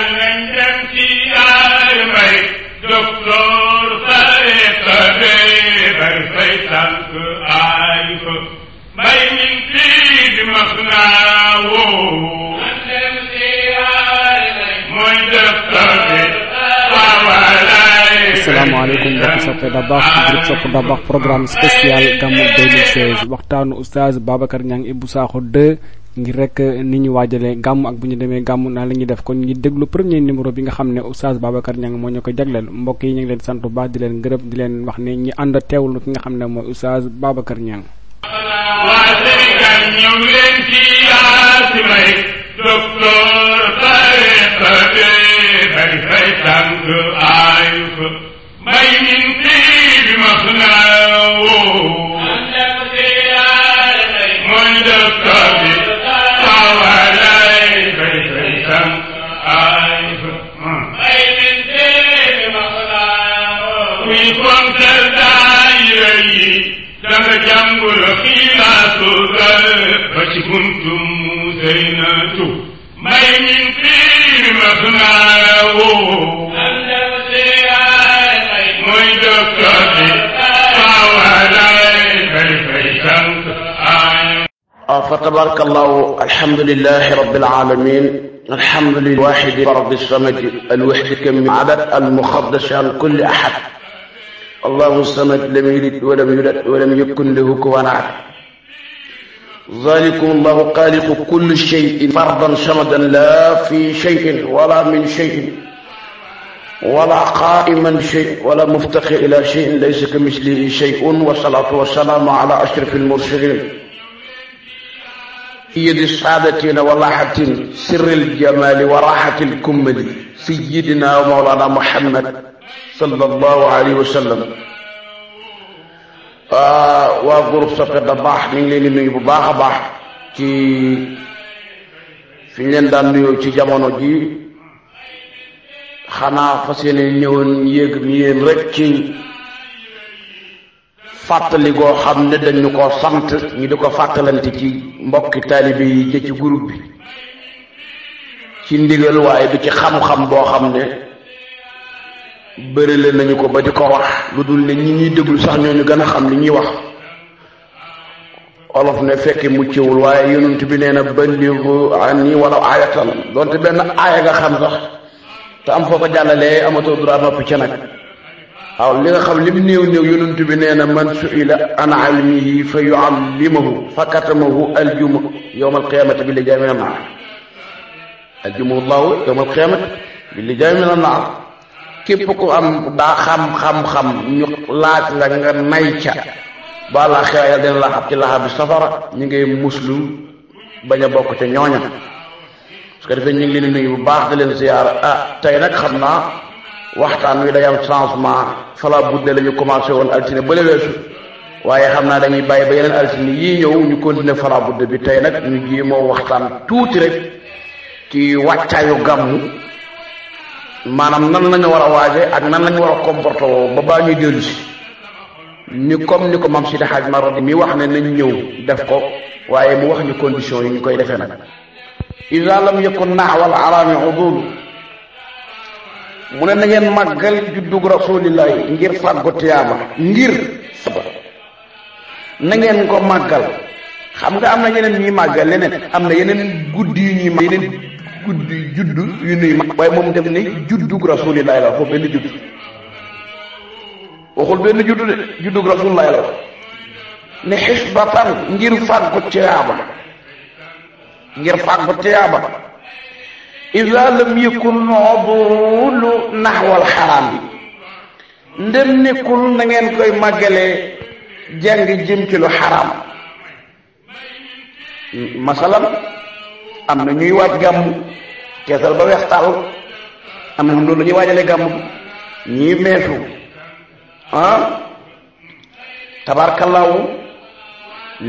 dal nañ dem ci yaay mbay docteur sareta bari fay tànk aay fa mbay min fii di mas naa woo mooy def sareta asalaamaaleykum mbokk soppe da baax groupe soppe da baax programme spécial gàmmu 2016 waxtaanu oustaz Babacar Niang Ibou Sakho 2 ngir rek eh, ni ñu waajalee gàmm ak bu ñu demee gàmm naa la ñuy def kon ñu déglu premier numéro bi nga xam ne oustaz Babacar Niang moo ñu ko jagleel mbokk yi ñu ngi leen sant bu di leen gërëm di leen wax ne ñi ànd teewlu ki nga xam ne mooy oustaz Babacar Niang waa Sénégal ñëw leen ci laasimay nangul xiilaatu ba ci buntu museynatu may min fii mas naa woo mooy docteur bi waawalay bay bay sant fa tabarakallahu alhamdulilahi rabbil alamin alhamdulillahi wahidi rabbi samadi alwahdi kam min adad almuxaddas an kulli ahad allahu samad lam yalid walam yulad walam yakun lahu kufuwan ahad zalikum allahu xaaliqu kulli cheyin fardan samadan laa fi cheyin wala min cheyin wala qaa'iman chey wala muftaqiyan ila cheyin laysa ka mislihi cheyun wasalaatu wasalaamu ala ashrafil mursalin yedi saadatina wa laxatin sirril jamaali wa raxatil kummali sayyidina wa mawlana muhammad sallallahu alayhi wa sallam ah, waa groupe soppe da baax ñu ngi leen di nuyu bu baax a baax ci fi leen daan nuyoo ci jamono ji xanaa fas yéene ñëwoon yéeg ni yéen rek ci fàttali goo xam ne dañu ko sant ñu di ko fàttalante ci mbokki taalibe yi ci groupe bi ci ndigal waaye du ci xam-xam boo xam ne bërile nañu ko ba di ko wax lu dul ne ñi ñuy déglu sax ñu gën a xam li ñuy wax olof ne fekki muccewul waaye yonent bi nee na balligu anni wala aayatan donte benn aaya nga xam sax te am foo ko jàllalee amatoo droit noppi ca nag waaw li nga xam lim néew néew yonent bi nee na man suila an fa yuallimahu fakatamahu aljuma yowma alqiyamati bi li jaay mina naar képp ku am daa xam-xam-xam ñu laaj la nga nay ca ba la xew yàlla dina la xab ci laxa bi safara ñu ngay muslu bañ a bokk ca ñooña su ko defee ñu ngi leen nuyu bu baax di leen ziyaara ah tey nag xam naa waxtaan wi day am changement fala de la ñu commencé woon altine ba weesu waaye xam naa dañuy bàyyi ba yeneen altine yii ñëw ñu continuer fala budde bi tey nag ñu jéemoo waxtaan tuuti rek ci wàccaayu gàmmu maanaam nan lañu war a waaje ak nan lañu war a comporté woo ba baa ñuy dellu si ni comme ni ko mam si daxaaj marodi mi wax ne nañ ñëw def ko waaye mu wax ñu condition yi ñu koy defee nag isa lam yakun naxwal araami udul mu ne na ngeen màggal juddug rasulillahi ngir fàggu tiyaaba ngir na ngeen ko màggal xam nga am na yeneen ñuy màggal leneen am na yeneen guddi yu ñuy yeneen guddi judd yu nuy mag waaye moom dem ni juddug rasulillahi la waxul benn judd waxul benn judd de juddug rasulillahi la wax ne xisbatan ngir fàggu tiyaaba ngir fàggu tiyaaba ida lam yakun udulu naxwal xaraam bi ndem nekkul koy màggalee jàng jëm xaraam masalan am na ñuy waaj gàmm teesal ba weex tàll am na loolu la ñuy waajale gàmm ñii meesu ah tabarkallaahu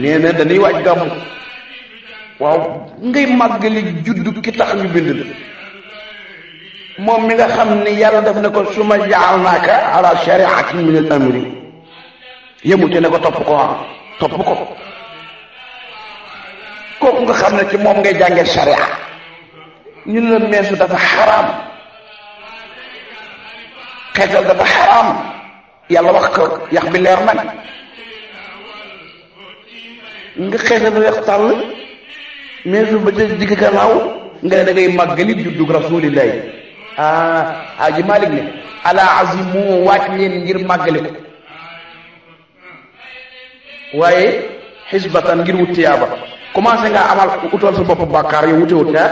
nee na dañuy waaj gàmm waaw ngay màggali juddu ki tax ñu bind la moom mi nga xam ni yàlla def na ko ma jaalnaaka ala shariatin min al amri yemute ne ko topp ko ah. topp ko kooku nga xam ne ci moom ngay jàngee sharia ñun la meesu dafa xaraam xeetal dafa xaraam yàlla wax ko yax bi leer na nga xeetal ba weex tàll meesu ba ca digg gannaaw nga ne da ngay màggali juddug rasulillahi ah aji malik ne ala azimu waat leen ngir màggali ko waaye xisbatan ngir wut tiyaaba commencé nga amal utal sa bopp bàkkaar yow wutewut ca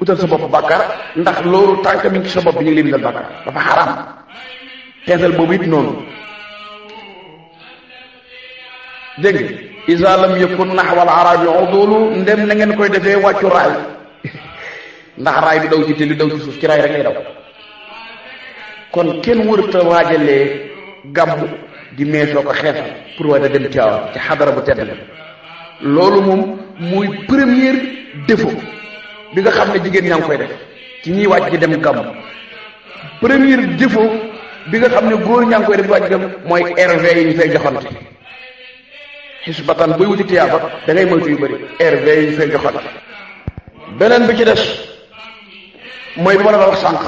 utal sa bopp bàkkaar ndax loolu tànk mi ci sa bopp bi ñu ngi leen di bàkkaar dafa xaraam teesal boobu it noonu dégg nga isa lam yakun naxwal arabi udulu ndem na ngeen koy defee wàccu ndax raay bi daw ci te li daw ci suuf ci raay rek lay daw kon kenn wërta waajalee gàmmu di meesoo ko xeesal pour war a dem ci ca xadara bu tedd la loolu moom mooy première défaut bi nga xam ne jigéen ñaa koy def ci ñiy wàcc ci dem gàmm première défaut bi nga xam ne góor ñaa ngi koy def wàcc gàmm mooy RV yi ñu fay joxante xisbatan buy wuti tiyaaba dangay ngay moytu yu bëri RV yi ñu fay joxante beneen bi ci des mooy bi ma la wax sànq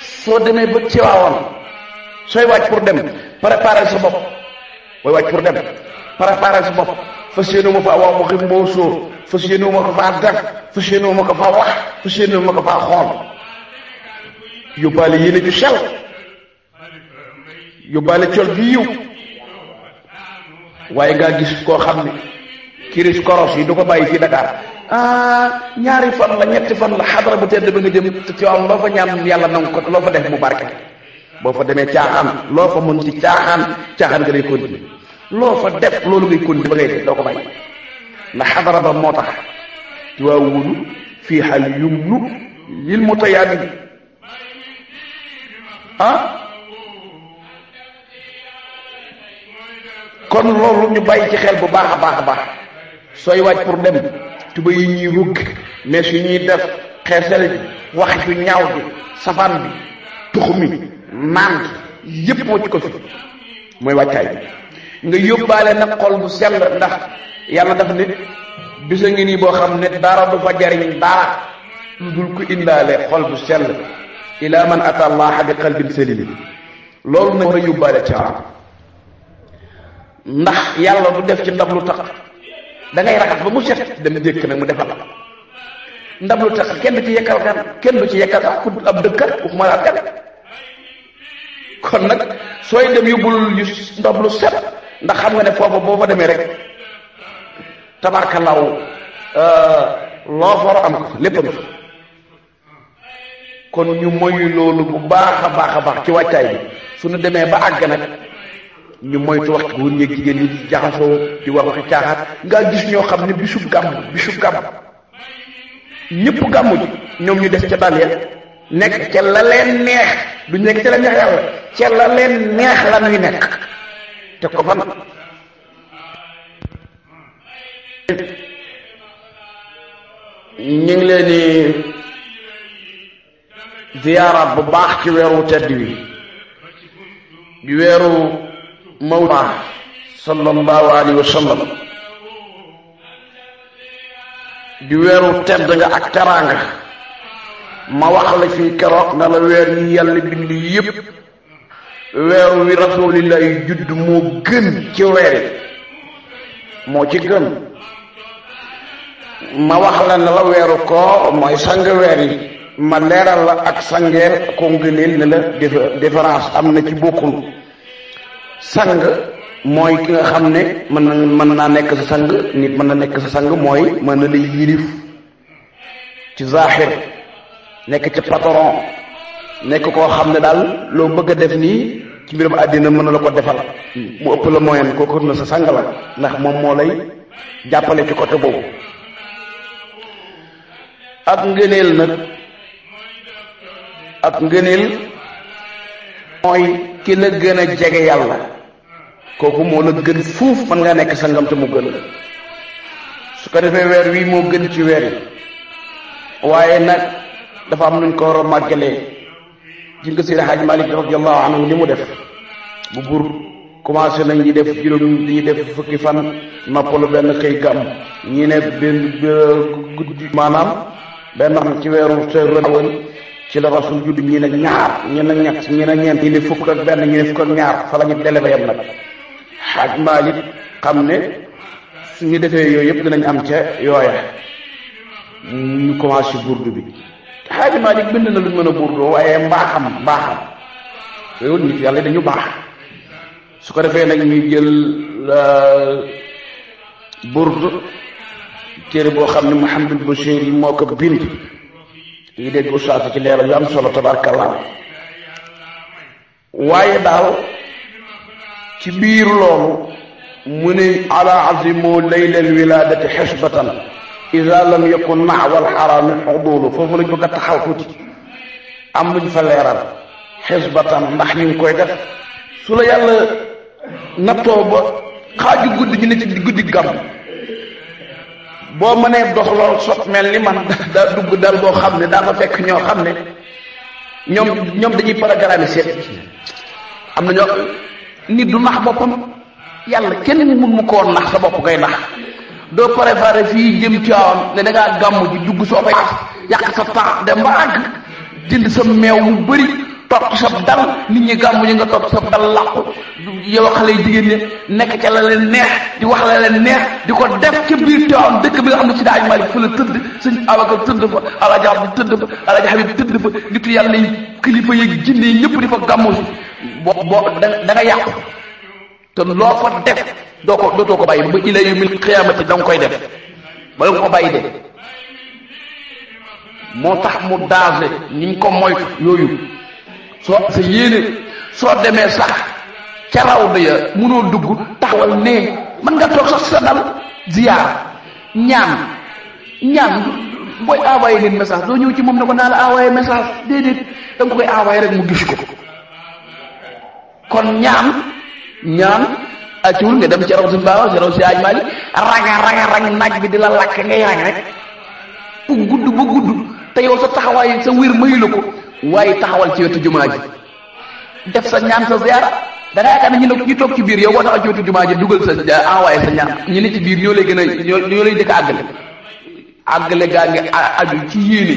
soo demee ba ci waawoon sooy wàcc pour dem préparer sa mooy wàcc pour dem préparer su bopp fas yéene ma faa wax waxi mboosóor fas yéene ma ko faa def fas yéene ma ko faa wax fas yéene ma ko faa xool yóbbaale yéene sel yóbbaale col gi yiw waaye ngaa gis koo xam ne kiris koros yi du ko bàyyi ci Dakar ah ñaari fan la ñetti fan la xadara bu tedd ba nga te ci am loo fa ñaan yàlla nangu ko loo fa def mu barke boo fa demee caaxaan loo fa mën ci caaxaan caaxaan nga lay continuer loo fa def loolu ngay continuer ba ngay def ko bàyyi ndax xadara moo tax ci waa wulu fii xal yum nu lil mutayamin ah kon loolu ñu bàyyi ci xel bu baax a baax a baax sooy waaj pour dem tuba yi ñuy rugg mais su ñuy def xeesal bi wax ju ñaaw bi safaan bi tux mi man yépp wacc ko fi mooy wàccaay bi nga yóbbaale nag xol bu sell ndax yàlla dafa ne bisa ngi nii boo xam ne dara du fa jariñ dara lu dul ku indaale xol bu sell ila man ata allaha bi qalbin salim loolu nag war a yóbbaale ca ndax yàlla du def ci ndab lu tax da ngay raxas ba mu set dem dékk nag mu defal ndab lu tax kenn du ci yekkal kan kenn du ci yekkal ak ku ab dëkkat waxuma la ak kon nag sooy dem yóbbul yu ndox lu set ndax xam nga ne foofa boo fa demee rek tabarkalaw euh, loo fa war a am ko lépp am kon ñu moyu loolu bu baax a baax a baax ci wàccaay bi suñu demee ba àgg nag ñu moytu wax góor ñeeg jigéen ñi di jaxasoo di wax waxi caaxaat nga gis ñoo xam ne bisub gàmm bisub gàmm ñëpp gàmmu ji ñoom ñu def ca dal nekk ca neex du nekk ca neex yàlla ca nekk te ko fan ñu ngi leen di ziyaara bu baax ci weeru tedd wi di weeru mawla sallallahu alayhi wa di weeru tedd nga ak teraanga ma wax la ci keroog na la weer yi yàlla bind yépp weeru wi rasulillahi judd moo gën ci weer yi moo ci gën ma wax la na la weeru koor mooy sang weer yi ma leeral la ak sangeel ko ngëneel ne la différence am na ci bokkul sang mooy ki nga xam ne mën na mën naa nekk sa sang nit mën na nekk sa sang mooy mën na lay yilif ci zaaxir nekk ci patron nekk koo xam ne daal loo bëgg a def nii ci mbirum àddina mën na la ko defal mu ëpp la moyen kooku na sa sàng ndax moom moo lay jàppale ci côté boobu ak ngëneel nag ak ngëneel mooy ki la gën a jege yàlla kooku moo la gën fuuf mën nga nekk sangam te mu gën la su ko defee weer wi moo gën ci weer yi waaye nag dafa am nuñ ko war a màggalee ji nga Seydi Hajji Malik radiyallahu anhu li mu def bu buur commencé nañ ñi def juróom ñi def fukki fan noppalu benn xëy gam ñi ne benn guddi maanaam benn xam ci weeru tewoon ci la rasul judd ñi ne ñaar ñi ne ñett ñi ne ñeent ñi ne fukk ak benn ñi ne fukk ak ñaar fa la ñu dele ba yem nag Hajji Malik xam ne suñu defee yooyu yëpp dinañ am ca yooya ñu commencé burdu bi xaaji Maalik bind na luñ mën a buurloo waaye mbaaxam mbaaxam réewul nit yàlla dañu baax su ko defee nag ñuy jël euh, burdu téere boo xam ne Mouhamed Bouchir yi moo ko bind yi dégg ustaas ci leeral yu am solo tabarkalla waaye daal ci biir loolu mu ne ala azimu laylal wiladati xisbatan ida lam yakun ma wal xaraami xuduulu foofu lañ bëgg a taxaw tuuti am luñ fa leeral xisbatan ndax ñu ngi koy def su la yàlla nattoo ba xaaju guddi ñu ne ci guddi gam boo mënee dox lool sot mel ni man daa dugg dal boo xam ne daa fa fekk ñoo xam ne ñoom ñoom dañuy programme seet am na ñoo nit du nax boppam yàlla kenn mënu mu ko nax sa bopp ngay nax doo préparé fii jëm Tiwaawan ne da ngaa gàmm ji dugg soo fa yàq sa temps dem ba àgg jënd sa meew mu bëri topp sa dal nit ñi gàmm ji nga topp sa dal làqu yow xale yi jigéen nekk ca la neex di wax la leen neex di ko def ca biir Tiwaawan dëkk bi nga xam ne si daaj Maalik fa la tëdd sëñ Abacar tëdd fa Alaaji Abdu tëdd fa Alaaji Habib tëdd fa nitu yàlla kilifa yeeg jinne yi ñëpp di fa gàmmu si boo boo da nga yàqu te loo fa def doo ko dootoo ko bàyyi ba ila yumil xiyaamati da nga koy def bala nga ko bàyyi de moo tax mu danger ni nga ko moytu yooyu soo sa yéene soo demee sax ca raw da ya mënoo tax taxawal nee man nga toog sax sa dal ziyaar ñaan ñaan booy envoyé nit message doo ñëw ci moom ne ko naa la envoyé message déedéet da nga koy envoyé rek mu gis ko kon ñaan ñaan acciwul nga dem ci raw si baawa si raw si aaj maali ranga ranga rang naaj bi di la lakk ngay rang rek bu gudd bu gudd te yow sa taxawaay sa wér mayu la ko waaye taxawal ci wetu jumaa ji def sa ñaan sa ziara da nga yaakaar ñu ne ñu toog ci biir yow boo taxaw ci wetu jumaa ji dugal sa envoyé sa ñaan ñu ne ci biir ñoo lay gën a ñoo lay dëkk àggale àggale gaa ngi aju ci yéene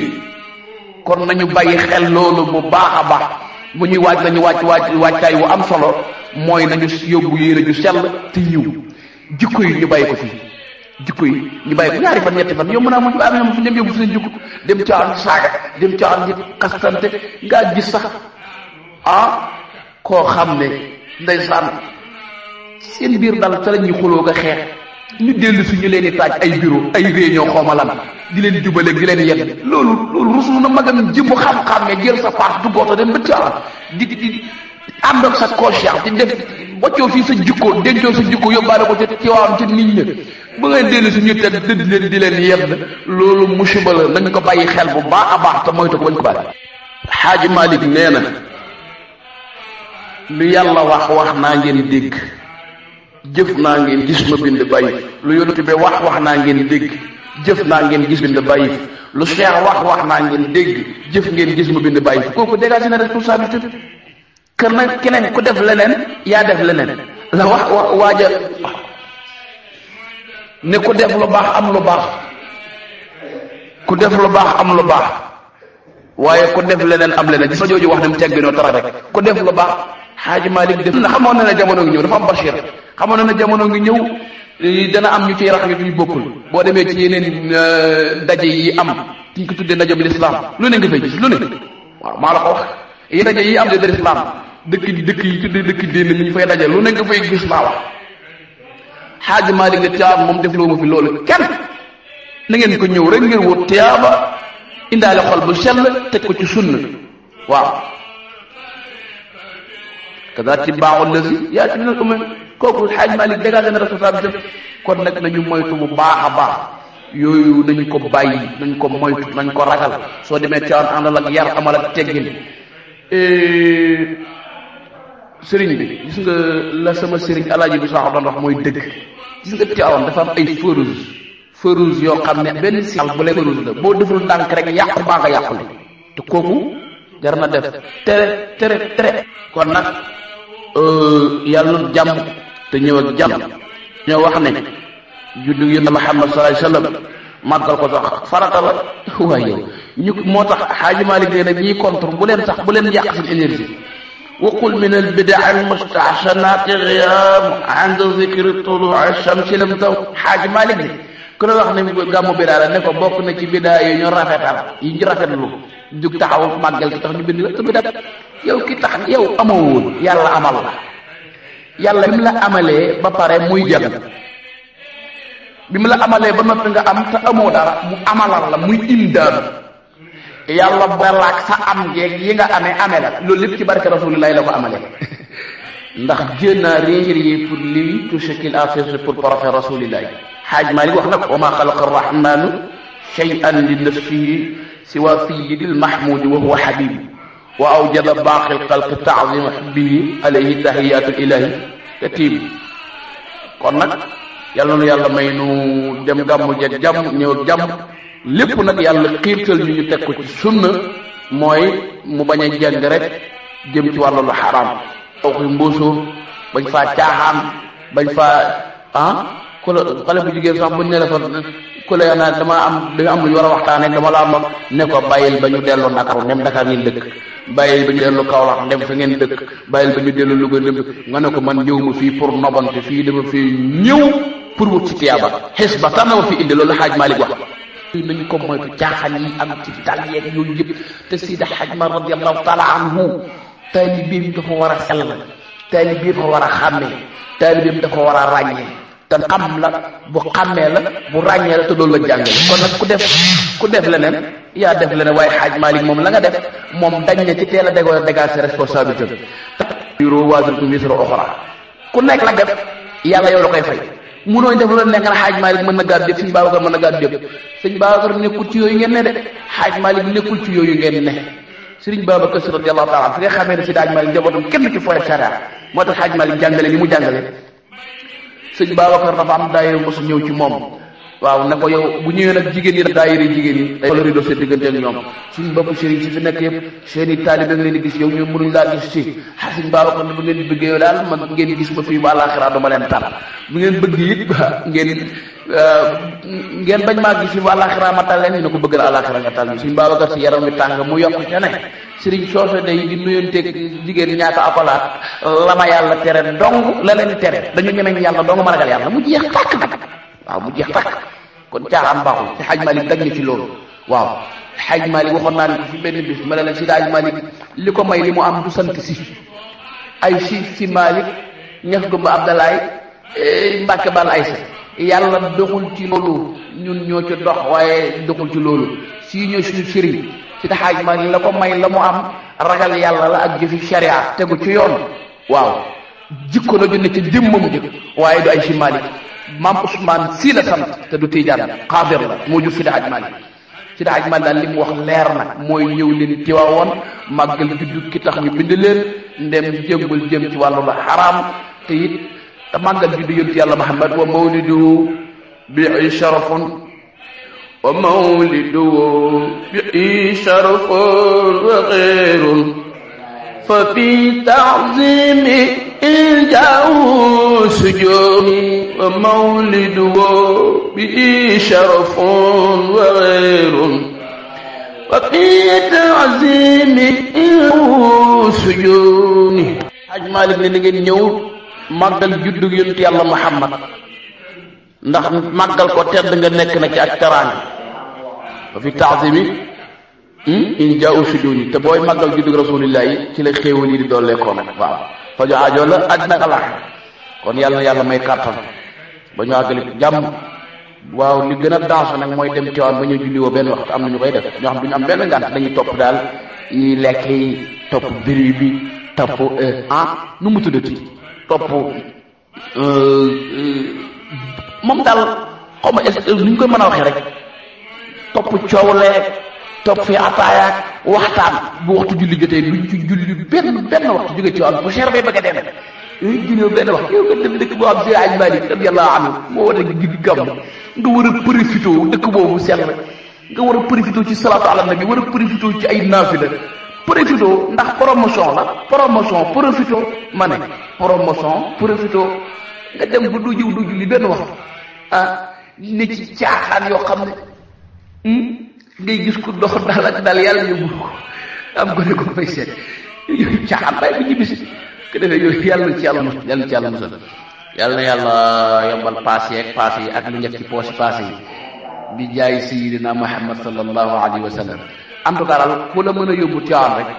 kon nañu bàyyi xel loolu bu baax a baax bu ñuy waaj nañu waaj waaj waajtaay wu am solo mooy nañu yóbbu yéene ju sell te yiw jikko yi ñu bàyyi ko fii jikko yi ñu bàyyi ko ñaari fan ñetti fan yow mën naa mën am fu dem yóbbu fi jikko dem caaxaan saaga dem caaxaan ji xastante ngaa gis sax ah koo xam ne ndeysaan seen biir dal sa la ñuy xuloo nga xeex ñu dellu si ñu leen taaj ay bureau ay réunion xawma lan di leen jubaleeg di leen yedd loolu loolu rusul na magam jëmbu xam-xam nga jël sa paas duggooto dem ba caaral di di ànd ak sa conscience di def boccoo fii sa jukkoo dencoo sa jukkoo yóbbaale ko ca ciwaam ca nit ña ba ngay dellu si ñu te dëdd leen di leen yedd loolu musiba la nañ ko bàyyi xel bu baax a baax te moytu ko bañ ko bàyyi xaaji Malick nee na lu yàlla wax wax naa ngeen dégg jëf naa ngeen gis ma bind bàyyi lu yonent bi wax wax naa ngeen dégg jëf naa ngeen gis bind bàyyi fi lu Cheikh wax wax naa ngeen dégg jëf ngeen gis mu bind bàyyi fi kooku dégagé na responsabilité kër nag keneen ku def leneen yaa def leneen la wax wa waaja ne ku def lu baax am lu baax ku def lu baax am lu baax waaye ku def leneen am leneen gis nga jooju wax ne mu tegginoo dara rek ku def lu baax xaaji Malik def na xamoon na ne jamono ngi ñëw dafa am Bachir xamoon na ne jamono ngi ñëw dana am ñu ciy rax yu bokkul boo demee ci yeneen euh, daje yi am ci ko tuddee ndaje bi lislaam lu ne nga fay gis lu ne waaw maa la ko wax yi daje yi am de lislaam dëkk yi dëkk yi tuddee dëkk dénn ñu fay daje lu ne nga fay gis laa wax xaaji Maalik ne tiyaaba moom def loo ma fi loolu kenn na ngeen ko ñëw rek ngeen wut tiyaaba indaale xol bu sell teg ko ci sunna waaw kazaat ci baaxul lësi yaa ci minal umam kooku xaaj Malik dégagé na responsabilité kon nag nañu moytu bu baax a baax yooyu nañ ko bàyyi nañ ko moytu nañ soo demee Tiwaawan àndal ak yar amal ak teggin e, sëriñ bi gis la sama sëriñ alaaji bi sax doon mooy dëgg gis nga Tiwaawan dafa am ay fëruus yoo xam benn si bu lay fëruus la boo deful ndànk rek yàqu baa nga yàqule te kooku jar na def tere kon nag e, yàlla jàmm te ñëw ak jàmm ñoo wax ne juddu yonent Muhammad sallallahu alayhi wasallam màggal ko sax farata la waaye ñu moo tax xaaji Malik nee na ñiy contre bu leen sax bu leen yàq seen énergie waqul min al bidaa al mustahsanati a anda zikri tulu'i a lam taw xaaji Malik ne ku la wax ne gàmmu bidaa la ne ko bokk na ci bidaa yi ñu rafetal yi ñu rafetlu jug taxaw màggal ki tax ñu bind la te bidaa yow ki tax yow amoo woon yàlla amal la yàlla bi la amalee ba pare muy dem bi mu la amalee ba noppi nga am te amoo dara mu amalal la muy imdaad yàlla balaak sa am geeg yi nga amee amee la loolu lépp ci barke rasulillahi la ko amalee ndax Dieu n'a rien créé pour lii tout ce qu'il a fait pour profet rasulillahi xaaj Malik wax na ko wa ma xalaqa arrahmanu shay'an li nafsihi siwa sayyidil mahmudi wa huwa habibi wa awjada baaxil xalq taazima xubbihi alayhi tahiyatul ilahi katim kon nag yàlla nu yàlla may nu dem gàmmu jeeg jàmm ñëw ak jàmm lépp nag yàlla xiirtal ñu ñu teg ko ci sunna mooy mu bañ a jàng rek jëm ci wàllu ah, ku la xale bu jigéen sax buñ ne dafa ku la naa dama am dañu am lu war a waxtaanee dama la am ne ko bàyyil ba ñu delloo Ndakaaru nem Ndakaar ngeen dëkk bàyyil ba ñu dellu Kaolack ndem fa ngeen dëkk bàyyil ba ñu dellu Louga ndem nga ne ko man ñëw ma fii pour nobante fii dama fii ñëw pour wut ci tiyaaba xis ba tànn ma fi indi loolu xaaj Malick wax nañu ko moytu caaxaan yi am ci dal yeeg yooyu yëpp te Sida Xaaj Ma radiyallahu taala anhu taalibeem dafa war a sellal taalibeem dafa war a taalibeem dafa war a ràññee te xam la bu xàmmee la bu ràññee la te loolu la jàngale kon nag ku def ku def leneen yaa def leneen waaye xaaj Malick moom la nga def moom dañ ne ci teel a dégoo dégager ses responsabilités yuroo waasiratu na xaaj Malick mën na gaa dégg sëñ Babacar mën na gaa dégg yooyu ngeen ne de xaaj yooyu ngeen ne sëriñ Babacar si radiyallahu taala fi nga xamee ne si daaj Malick njabootam kenn ci fooy sariya moo tax xaaj Malick jàngale li mu jàngale sëñ Babacar dafa am daayira mosu ñëw ci moom waaw ne ko yow bu ñëwee nag jigéen ñi daayira jigéen ñi day colorido seen diggante ak ñoom suñ bopp sëriñ si fi nekk yëpp seen i taalibe nga leen di gis yow ñoom mënuñ laa gis si a sëñ Babacar ne bu ngeen bëggee yow daal ma ba àllaaxira dama leen tal bu ngeen bëgg it ngeen euh, ngeen bañ maa gis fi ba àllaaxira ma tal leen ñu ne ko bëgg na àllaaxira nga tal ñu suñ Babacar si yaram mi tàng mu yokk ca ne sëriñ soose day di nuyanteeg jigéen ñaata akolaat la ma yàlla tere dong la leen tere dañu ñemeñ yàlla dong ma ragal yàlla mu jeex tàkk nag waaw mu jeex tàkk kon caaxaan baaxul si xaj malik dag ñu ci loolu waaw xaj malik waxoon naa ne fi benn bis ma ne leen si xaj malik li ko may li mu am du sant si ay si si malik ñax gumba abdalaay eh, mbàkke bal aysa yàlla doxul ci loolu ñun ñoo ci dox waaye doxul ci loolu sii ñu suñu sëriñ si taxaaj ma la ko may la mu am ragal yàlla la ak jëfi sharia tegu ci yoon waaw jikko la ju ne ci jëmmamu jëkk waaye du ay si Malik maam Ousmane sii la sant te du Tijaan xaadir la moo jur si taxaaj Malik si taxaaj Malik daal li mu wax leer na mooy ñëw leen tiwaawoon màggal juddu ki tax ñu bind leen ndem jëmbul jëm ci wàllu la xaraam te it te màggal juddu yonent yàlla Muhammad wa mawlidu bii sharafun wa mawlidu bii sharafun wa xeerun fa fi taazimi iljahu sujoomi wa mawlidu bii sharafun wa xeerun wa fi taazimi iljahu sujoomi Haj Malik ne na ngeen ñëw màggal juddug yonent yàlla muhammad ndax màggal ko tedd nga nekk na ci ak teraanga ba fi taasimi hmm, in jaa usuduni te booy màggal juddug rasulillah yi ci la xéewal yi di doole ko nag waaw fajo aajo la aj nag alax kon yàlla na yàlla may kàttan ba ñu àggali jàmm waaw li gën a dansé nag mooy dem Tiwaawan ba ñu julli woo benn waxtu am na koy def ñoo xam ñu am benn ngànt dañuy topp daal yi lekk yi topp biri bi topp euh, ah nu mu tuddati topp euh, euh, moom daal xaw ma nu ñu koy mën a waxee rek topp coow leeg topp fi ataayaak waxtaan bu waxtu julli jotee duñ ci julli benn benn waxtu jóge ci wàllu bu cher bay bëgg a demee yooyu jëlee benn wax yow nga dem dëkk boo xam si aj Malik radiyallahu anhu moo woote gi gàmm nga war a profité dëkk boobu sell nga war a profité ci salaatu ala nabi war a profité ci ay naafila profité ndax promotion la promotion profité ma ne promotion profito nga dem bu dujiw duju li benn wax ah ne ci caaxaan yoo xam hmm, ngay gis ko dox dal ak dal yàlla yóbbul ko am gone ko fay seet yooyu caaxaan bàyyi bu ñibbisi ko defee yooyu yàlla na ci yàlla mos yàlla na ci yàlla mosal yàlla na yàlla yombal paas yi ak yi ak lu njëkk ci poos paas yi bi jaay sayyidina Muhammad sallallahu alayhi wa sallam en tout cas daal la mën a yóbbu Tiwaawan rek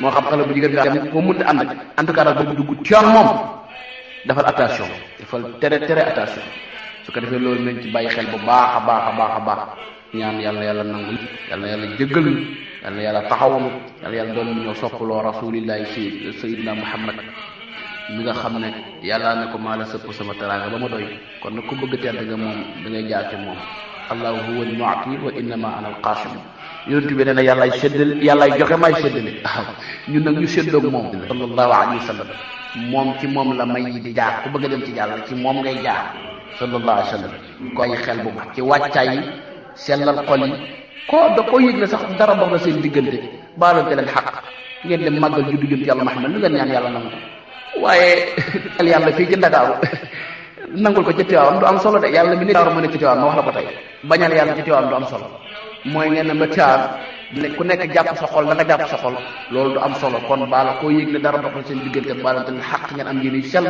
moo xam xale bu jigéen bi dem ko mun a ànd en tout cas daal boobu dugg Tiwaawan moom defal attention defal tere tere attention su ko defee loolu nañ ci bàyyi xel bu baax a baax a baax a baax ñaan yàlla yàlla nangu yàlla yàlla jëggal ñu yàlla yàlla taxawam yàlla yàlla doon ñoo soppaloo rasulillahi si na muhammad mu nga xam ne yàlla ne ko maa la sëpp sama teraanga ba ma doy kon nag ku bëgg tedd nga moom da ngay jaar ci moom allahu huwa al mu'ti wa innama ana al yonent bi nee na yàllaay séddal yàllaay joxe maay séddale waaw ñun nag ñu séddoog moom sallallahu alayhi wa moom ci moom la may yi di jaar ku bëgg a dem ci yàlla ci moom ngay jaar sallallahu alayhi wa sallam koy xel bu baax ci wàccaay yi sellal xol yi koo da koo yëg na sax dara dox na seen diggante baalante leen xaq ngeen dem màggal juddu jëm ci yàlla Muhammad lu ngeen ñaan yàlla nangu ko waaye al yàlla fii ci Ndakaaru nangul ko ci Tiwaawan du am solo de yàlla mi ne Ndakaaru mu nekk ci Tiwaawan ma wax la ko tey bañal yàlla ci Tiwaawan du am mooy ngeen ne matière ku nekk jàpp sa xol la nga jàpp sa xol loolu du am solo kon baala koo yëg ne dara doxul seen diggante baala tamit xaq ngeen am yéen sell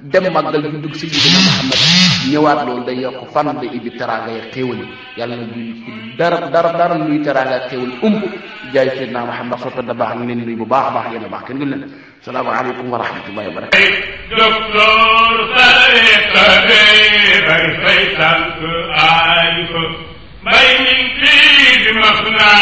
dem màggal bi dugg si liggéey Muhammad ñëwaat loolu day yokk fan day ibbi teraanga ya xéewal yàlla na dara dara dara luy teraanga ak xéewal umb jaay Seydina Muhammad soppe da baax ñu leen nuyu bu baax a baax yéen a baax kenn gën leen salaamaaleykum wa rahmatullahi wa barakatu بين فيه مخناه